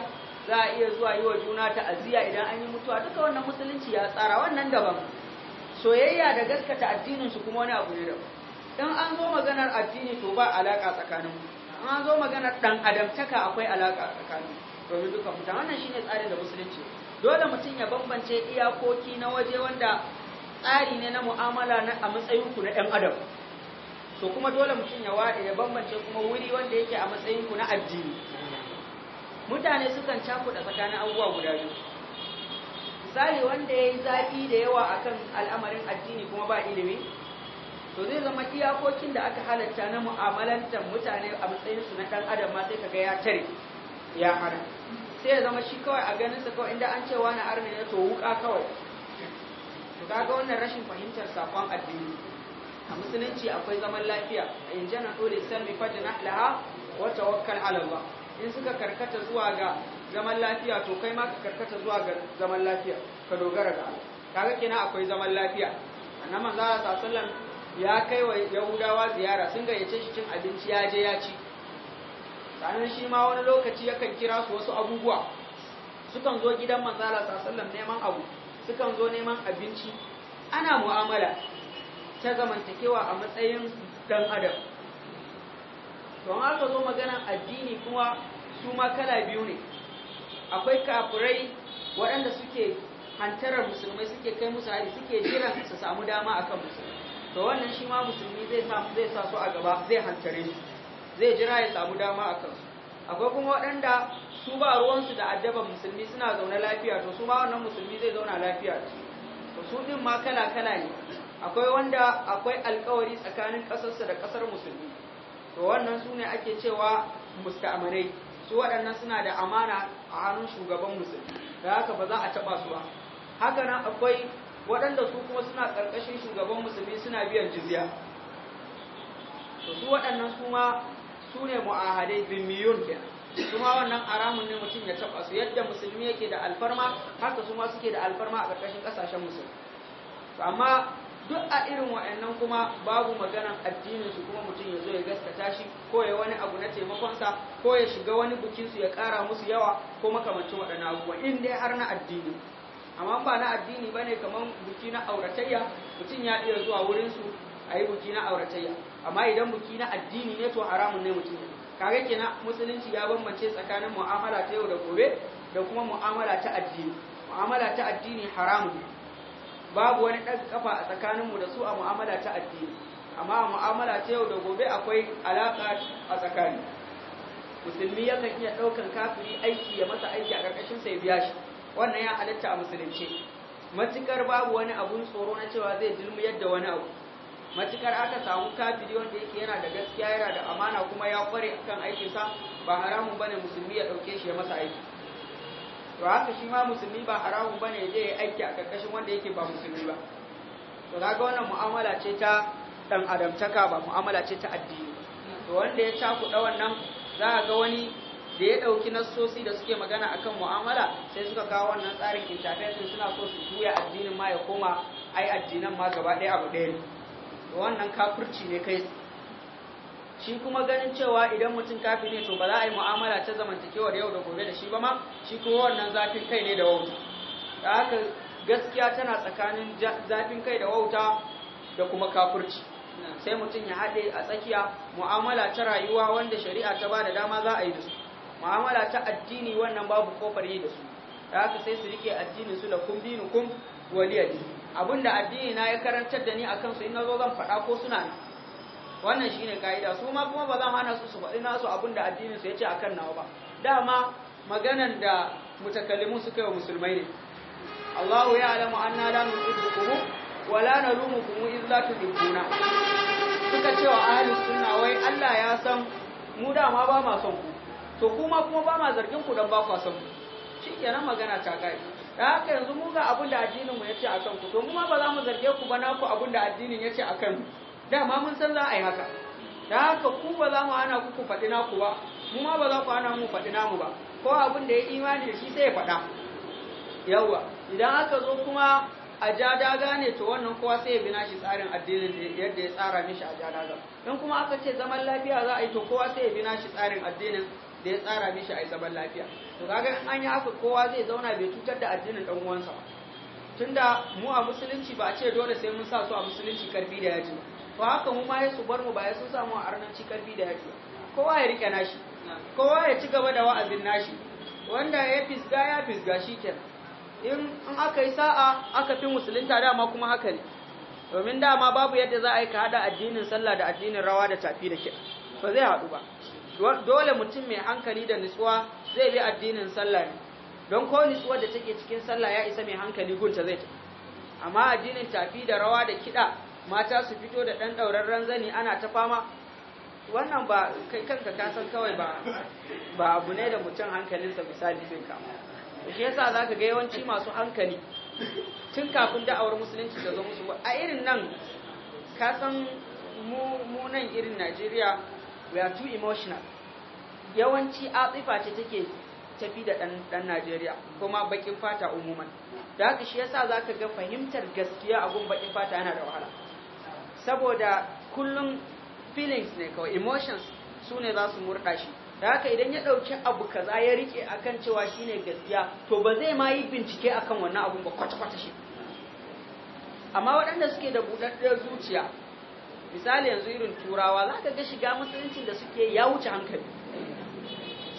za a iya zuwa yi wa juna ta'aziyya idan an yi mutuwa duka wannan musulunci ya tsara wannan daban soyayya da gaskata addinin su kuma wani abu ne daban dan an zo maganar addini to ba alaka tsakanin mu an zo maganar dan adamtaka akwai alaka tsakanin domin duka mutane wannan shine tsarin da musulunci dole mutum ya bambance iyakoki na waje wanda tsari ne na mu'amala na a matsayinku na ɗan adam to kuma dole mutum ya wada ya bambance kuma wuri wanda yake a matsayinku na addini mutane sukan da tsakanin abubuwa guda biyu misali wanda ya yi zafi da yawa akan al'amarin addini kuma ba ilimi to zai zama iyakokin da aka halatta na mu'amalantar mutane a matsayinsu na ɗan adam ma sai kaga ya tare ya hana sai ya zama shi kawai a ganin sa kawai inda an ce wani arna ne to wuka kawai to kaga wannan rashin fahimtar sakon addini a musulunci akwai zaman lafiya a yanzu jana dole san bi fadna laha wa tawakkal ala Allah in suka karkata zuwa ga zaman lafiya to kai ma ka karkata zuwa ga zaman lafiya ka dogara ga Allah kaga kenan akwai zaman lafiya annabi za sallallahu alaihi wasallam ya kai wa yahudawa ziyara sun gayyace shi cin abinci ya je ya ci Sanin shi ma wani lokaci yakan kira su wasu abubuwa sukan zo gidan manzala sallam neman abu sukan zo neman abinci ana mu'amala ta zamantakewa a matsayin dan adam don aka zo maganan addini kuma su ma kala biyu ne akwai kafurai waɗanda suke hantarar musulmai suke kai musu hari suke jiran su samu dama akan musulmai to wannan shi ma musulmi zai sa su a gaba zai hantare su zai jira ya samu dama a kansu akwai kuma waɗanda su ba ruwansu da addaban musulmi suna zaune lafiya to su ma wannan musulmi zai zauna lafiya to su din ma kala kala ne akwai wanda akwai alkawari tsakanin ƙasarsa da ƙasar musulmi to wannan su ne ake cewa musta'amarai su waɗannan suna da amana a hannun shugaban musulmi da haka ba za a taɓa su ba haka nan akwai waɗanda su kuma suna ƙarƙashin shugaban musulmi suna biyan jizya to su waɗannan su ma su ne mu'ahadai zimmiyun kenan kuma wannan aramun ne mutum ya taba su yadda musulmi yake da alfarma haka su ma suke da alfarma a ƙarƙashin ƙasashen musulmi amma duk a irin wa'annan kuma babu maganan addinin su kuma mutum ya zo ya gaskata shi ko ya wani abu na taimakonsa ko ya shiga wani bukin su ya ƙara musu yawa ko makamancin waɗannan abubuwa in dai har na addini amma ba na addini bane kamar buki na auratayya mutum ya iya zuwa wurin su a yi buki na auratayya amma idan buki na addini ne to haramun ne mutum Kare kenan musulunci ya bambance tsakanin mu'amala ta yau da gobe da kuma mu'amala ta addini mu'amala ta addini haramun babu wani ɗan kafa a tsakaninmu da su a mu'amala ta addini amma mu'amala ta yau da gobe akwai alaƙa a tsakani musulmi yakan iya ɗaukan kafiri aiki ya masa aiki a ƙarƙashin ya biya shi wannan ya halatta a musulunci matukar babu wani abun tsoro na cewa zai dulmiyar yadda wani abu matukar aka samu kafiri wanda yake yana da gaskiya yana da amana kuma ya kware akan aikinsa ba haramun bane musulmi ya dauke shi ya masa aiki to haka shi ma musulmi ba haramun bane ya je ya aiki a karkashin wanda yake ba musulmi ba to kaga wannan mu'amala ce ta dan adamtaka ba mu'amala ce ta addini to wanda ya da wannan za a ga wani da ya ɗauki nassosi da suke magana akan mu'amala sai suka kawo wannan tsarin interface suna so su juya addinin ma ya koma ai addinan ma gaba ɗaya abu ɗaya to wannan kafirci ne kai shi kuma ganin cewa idan mutum kafi ne to ba za a yi mu'amala ta zamantakewar yau da gobe da shi ba ma shi kuma wannan zafin kai ne da wauta da haka gaskiya tana tsakanin zafin kai da wauta da kuma kafirci sai mutum ya haɗe a tsakiya mu'amala ta rayuwa wanda shari'a ta ba da dama za a yi da su mu'amala ta addini wannan babu kofar yi da su da haka sai su rike addinin su da kum dinukum waliyadi Abin da addini na ya karantar da ni a kansu in zo zan faɗa ko suna wannan shi ne kaida su ma kuma ba zan hana su su faɗi nasu abin da addinin su ya ce akan nawa ba dama maganan da mutakallimun kai yi musulmai ne Allahu ya ya'lamu anna la nuhibbukum wa la nalumukum illa tuhibbuna suka ce wa ahli sunna wai Allah ya san mu dama ba ma son ku to kuma kuma ba ma zargin ku dan ba ku son ku shikenan magana ta kai da haka yanzu mu ga abin da addinin mu yace akan ku to mu ma ba za mu zarge ku ba na ku abin da addinin yace akan mu dama mun san za a yi haka da haka ku ba za mu hana ku ku faɗi ku ba mu ma ba za ku hana mu faɗi namu ba ko abin da ya imani da shi sai ya faɗa yawa idan aka zo kuma a ja daga ne to wannan kowa sai ya bi nashi tsarin addinin yadda ya tsara mishi a ja in kuma aka ce zaman lafiya za a yi to kowa sai ya bi nashi tsarin addinin da ya tsara mishi yi zaman lafiya to kaga an yi haka kowa zai zauna bai cutar da addinin dan uwansa ba tunda mu a musulunci ba a ce dole sai mun sa su a musulunci karfi da yaji to haka mu ma su bar mu ba ya sa mu a arnanci karfi da yaji kowa ya rike nashi kowa ya ci gaba da wa'azin nashi wanda ya fisga ya fisga shikenan in aka yi sa'a aka fi musulunta dama kuma haka ne domin dama babu yadda za a yi ka haɗa addinin sallah da addinin rawa da tafi da kiɗa ba zai haɗu ba dole mutum mai hankali da nutsuwa zai bi addinin sallah ne don ko nutsuwar da take cikin sallah ya isa mai hankali gunta zai tafi amma addinin tafi da rawa da kiɗa mata su fito da dan ɗaurarren zani ana ta fama wannan ba kai kanka ka san kawai ba ba abu ne da mutum hankalinsa misali zai kama shi yasa zaka ga yawanci masu hankali tun kafin da'awar musulunci ta zo musu a irin nan ka san mu nan irin Najeriya we are too emotional yawanci atsifa ce take tafi da ɗan Najeriya kuma bakin fata umuman da haka shi yasa zaka ga fahimtar gaskiya a gun bakin fata yana da wahala saboda kullum feelings ne kawai emotions su ne za su murɗa shi da haka idan ya ɗauki abu kaza ya rike akan cewa shine gaskiya to ba zai ma yi bincike akan wannan abun ba kwata-kwata shi amma waɗanda suke da buɗaɗɗiyar zuciya misali yanzu irin turawa za ka ga shiga Musulunci da suke ya wuce hankali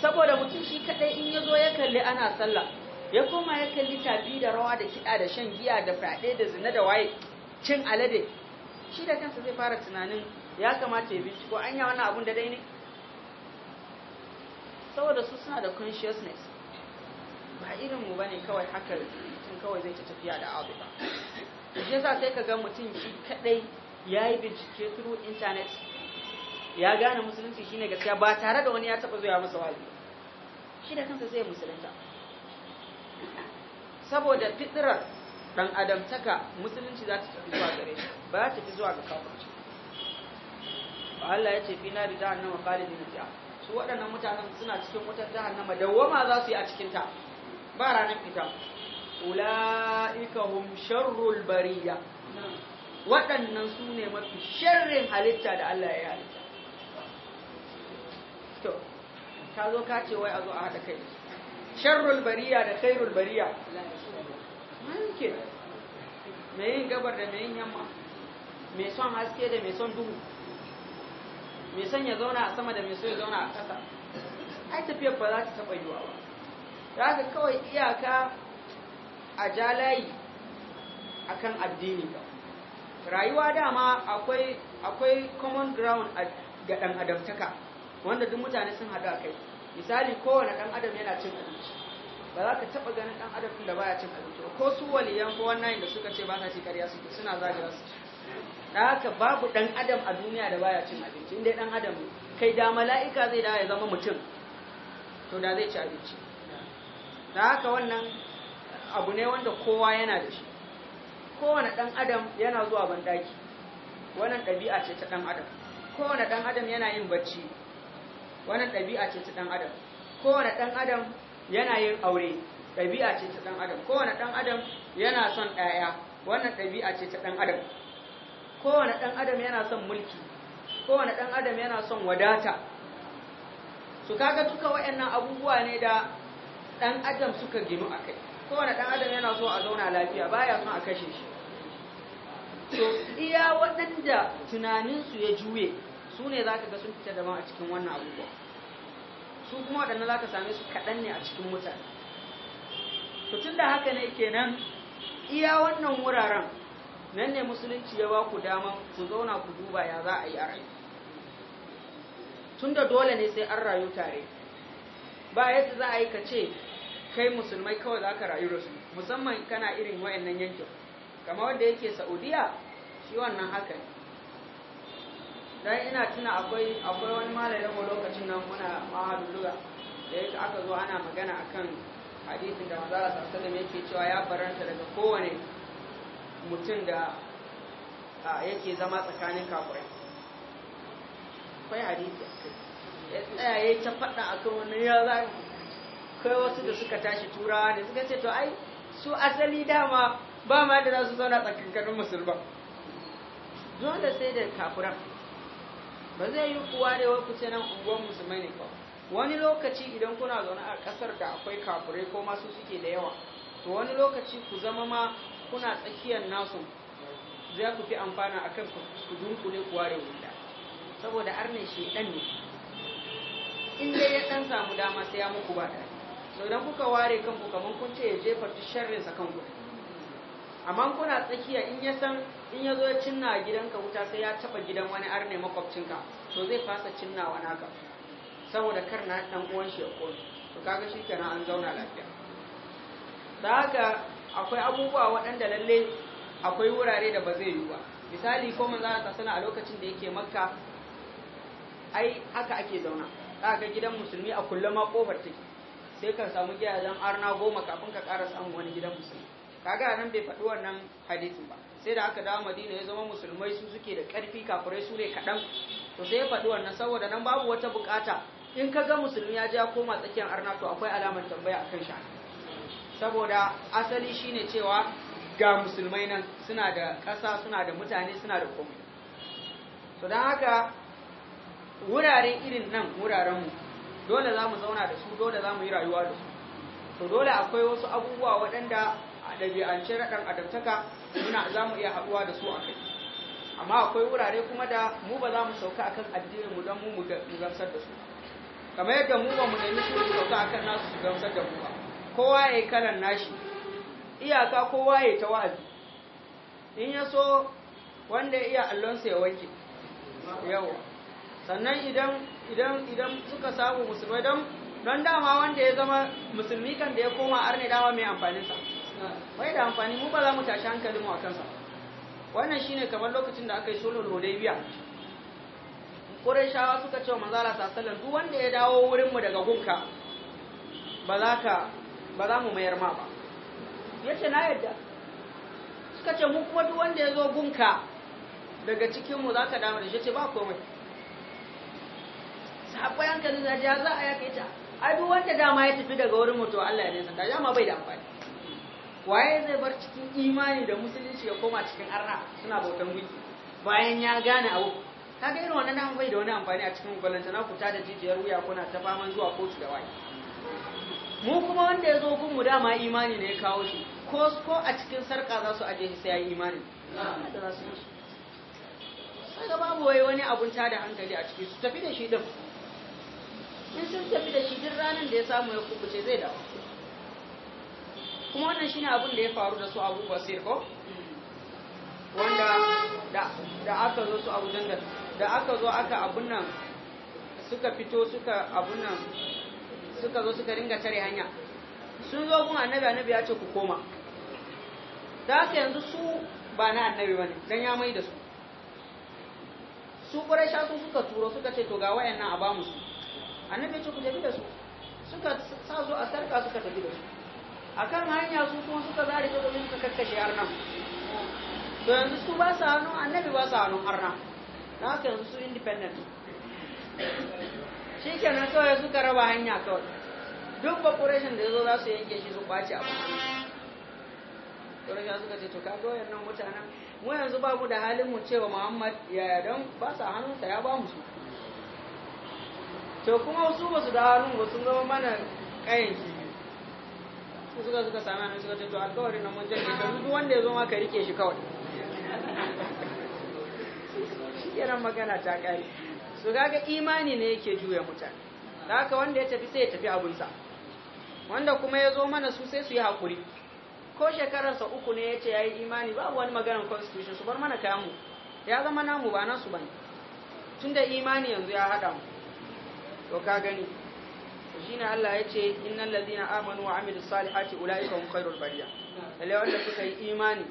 saboda mutum shi kadai in ya zo ya kalli ana sallah ya koma ya kalli tafi da rawa da kiɗa da shan giya da fyaɗe da zina da waye cin alade shi da kansa zai fara tunanin ya kamata ya binciko an yi wannan abun da dai ne saboda su suna da consciousness ba irin mu bane kawai haka mutum kawai zai ta tafiya da abu ba shi yasa sai ka ga mutum shi kadai ya yi bincike through internet ya gane musulunci shi ne gaskiya ba tare da wani ya taɓa zuwa masa wajen. shi da kansa zai musulunta saboda fitirar dan adamtaka musulunci za ta tafi zuwa gare shi ba za ta tafi zuwa ga kafirci ba Allah ya ce fi ta da jahannama da fiha su waɗannan mutanen suna cikin wutar jahannama dawwama za su yi a cikin ta ba ranar fita ulaika hum sharrul bariya waɗannan su ne mafi shirin halitta da Allah ya yi halitta to ka zo ka ce wai a zo a haɗa kai sharrul bariya da khairul bariya mulkin mai yin gabar da mai yin yamma mai son haske da mai son duhu mai son ya zauna a sama da mai son ya zauna a ƙasa ai tafiyar ba za ta taɓa yiwa ba za ka kawai iyaka a jalayi kan addini ba rayuwa dama akwai akwai common ground ga dan adamtaka wanda duk mutane sun hada a kai misali kowane dan adam yana cin abinci ba za ka taɓa ganin dan adam da baya cin abinci ba ko su waliyan ko wannan da suka ce ba sa ci ƙarya suke suna zagaya su da haka babu dan adam a duniya da baya cin abinci inda dan adam ne kai da mala'ika zai dawo ya zama mutum to da zai ci abinci da haka wannan abu ne wanda kowa yana da shi kowane ɗan adam yana zuwa banɗaki wannan ɗabi'a ce ta ɗan adam kowane ɗan adam yana yin bacci wannan ɗabi'a ce ta ɗan adam kowane ɗan adam yana yin aure ɗabi'a ce ta ɗan adam kowane ɗan adam yana son ɗaya wannan ɗabi'a ce ta ɗan adam kowane ɗan adam yana son mulki kowane ɗan adam yana son wadata su kaga duka waɗannan abubuwa ne da ɗan adam suka ginu a kai kowane ɗan adam yana so a zauna lafiya baya son a kashe shi to iya waɗanda tunaninsu ya juye su ne za ka ga sun fita daban a cikin wannan abubuwa su kuma waɗanda za ka same su kaɗan ne a cikin mutane to tun da haka ne kenan iya wannan wuraren nan ne musulunci ya ba ku dama ku zauna ku duba ya za a yi a rayu tun da dole ne sai an rayu tare ba yadda za a yi ka ce kai musulmai kawai za ka rayu da su musamman kana irin wayannan yankin kamar wanda yake saudiya shi wannan haka dan ina tuna akwai akwai wani malamin mu lokacin nan muna mahadin luga da yake aka zo ana magana akan hadisin da manzara sallallahu alaihi yake cewa ya baranta daga kowane mutum da yake zama tsakanin kafirai akwai hadisi ya tsaya ya ta faɗa akan wani ya za kai wasu da suka tashi turawa ne suka ce to ai su asali dama ba ma da za su zauna tsakankanin musulman dole sai da kafiran ba zai yi kuwa da wai kuce nan unguwan musulmai ne ba wani lokaci idan kuna zaune a kasar da akwai kafirai ko masu suke da yawa to wani lokaci ku zama ma kuna tsakiyar nasu za ku fi amfana a kan ku ne ku ware wuta saboda shi ɗan ne in dai ya dan samu dama sai ya muku ba da sau idan kuka ware kanku kamar kun ce ya jefa sharrinsa kanku amma kuna tsakiya in ya san in ya zo cinna gidanka wuta sai ya taba gidan wani arne makwabcinka to zai fasa cinnawa naka saboda kar na dan uwan shi ya kone to kaga kenan an zauna lafiya da haka akwai abubuwa waɗanda lalle akwai wurare da ba zai yi ba misali ko manzo Allah sana a lokacin da yake makka ai haka ake zauna ga gidan musulmi a kullum ma kofar take sai ka samu gidajen arna goma kafin ka karasa samun wani gidan musulmi kaga nan bai faɗi wannan hadisin ba sai da aka dawo madina ya zama musulmai su suke da ƙarfi kafirai su ne kaɗan to sai ya faɗi wannan saboda nan babu wata buƙata in ka ga musulmi ya je ya koma tsakiyar arna to akwai alamar tambaya akan shi saboda asali shine cewa ga musulmai nan suna da ƙasa suna da mutane suna da komai to don haka wurare irin nan wurarenmu dole za mu zauna da su dole za mu yi rayuwa da su to dole akwai wasu abubuwa waɗanda a ɗabi'ance na ɗan adamtaka muna za mu iya haɗuwa da su a kai amma akwai wurare kuma da mu ba za mu sauka akan addinin mu don mu mu gamsar da su kamar yadda mu ba mu nemi su sauka akan nasu su gamsar da mu ba kowa ya yi kalan nashi iyaka kowa ya yi ta wa'azi in ya so wanda ya iya allonsa ya wanke yawa sannan idan idan idan suka samu musulmai don don dama wanda ya zama musulmi kan da ya koma arne dama mai amfaninsa bai da amfani mu ba za mu tashi hankalinmu a kansa wannan shine kamar lokacin da aka yi sulhul hudaybiya shawa suka ce wa manzo Allah sallallahu duk wanda ya dawo wurin mu daga gunka ba za ka ba za mu mayar ma ba yace na yadda suka ce mu kuma duk wanda ya zo gunka daga cikin mu za ka dawo da shi ce ba komai Akwai hankali zaji ya za a yake ta ai duk wanda dama ya tafi daga wurin mu to Allah ya nisa da dama bai da amfani waye zai bar cikin imani da musulunci ya koma cikin arna suna bautan gudu bayan ya gane abu ga irin wannan an bai da wani amfani a cikin gwalanta na kuta da jijiyar wuya kuna ta faman zuwa kotu da waye mu kuma wanda ya zo gunmu dama imani ne ya kawo shi ko ko a cikin sarka za su aje shi sai ya yi imani sai ga su yi babu wai wani abun ta da hankali a ciki su tafi da shi din in sun tafi da shi duk ranar da ya samu ya kubuce zai dawo kuma wannan shine abin da ya faru da su abu basir ko wanda da aka zo su abu jandal da aka zo aka abun nan suka fito suka abun nan suka zo suka ringa tare hanya sun zo kuma annabi annabi ya ce ku koma da haka yanzu su ba na annabi bane dan ya mai da su su quraisha su suka turo suka ce to ga wayannan a ba mu su annabi ya ce ku tafi da su suka sa zo a sarka suka tafi da su akan hanya su kuma suka zare takobin suka kakkashe arnan to yanzu su ba su hannun annabi ba su hannun arna na haka yanzu su independent shi kenan kawai suka raba hanya kawai duk corporation da ya zo za su yanke shi su kwace abu ya suka ce to kaga wayannan mutanen mu yanzu ba mu da halin mu cewa muhammad ya don ba sa hannunsa ya ba mu su to kuma su ba su da hannun ba sun zama mana shi. su suka suka sami hannu suka ce to alkawari na mun janye kan duk wanda ya zo ma rike shi kawai kenan magana ta kare su kaga imani ne yake juya mutane da haka wanda ya tafi sai ya tafi abunsa wanda kuma ya zo mana su sai su yi hakuri ko shekararsa uku ne ya ce ya yi imani babu wani maganar constitution su bar mana kayanmu ya zama namu ba nasu ba ne tun imani yanzu ya hada mu to ka gani shine Allah ya ce innal ladina amanu wa amilus salihati ulaika hum khairul bariya lalle wanda suka yi imani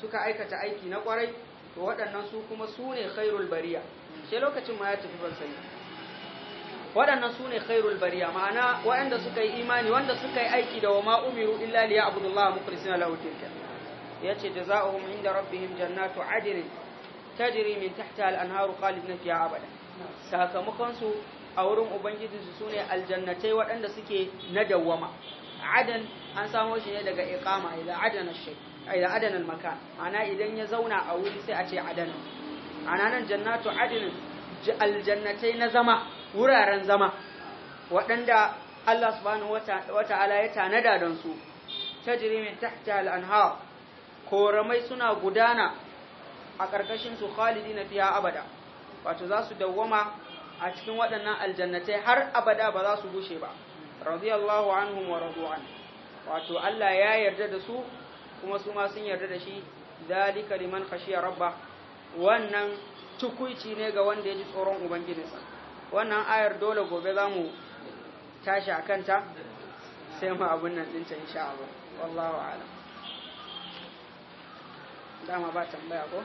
suka aikata aiki na kwarai to waɗannan su kuma sune ne khairul bariya sai lokacin ma ya tafi ban sani waɗannan sune ne khairul bariya ma'ana waɗanda suka yi imani wanda suka yi aiki da wa ma umiru illa liya'budullaha mukhlisina lahu tilka yace jazaohum inda rabbihim jannatu adnin tajri min tahtiha al-anharu khalidina fiha abada sakamakon su a wurin ubangijinsu su ne aljannatai waɗanda suke na dawwama adan an samo shi ne daga iqama ila adana shay ila adana makan ana idan ya zauna a wuri sai a ce adana ana nan jannatu adin aljannatai na zama wuraren zama waɗanda Allah subhanahu wata'ala ya tanada don su tajri min tahta al-anhar koramai suna gudana a ƙarƙashin su khalidina fiha abada wato za su dawwama a cikin waɗannan aljannatai har abada ba za su bushe ba radiyallahu anhum wa radu'an wato Allah ya yarda da su kuma su ma sun yarda da shi zalika liman khashiya rabba wannan tukuici ne ga wanda ya ji tsoron ubangijinsa wannan ayar dole gobe za mu tashi a kanta sai mu abun nan ɗinta insha Allah wallahu a'lam dama ba tambaya ko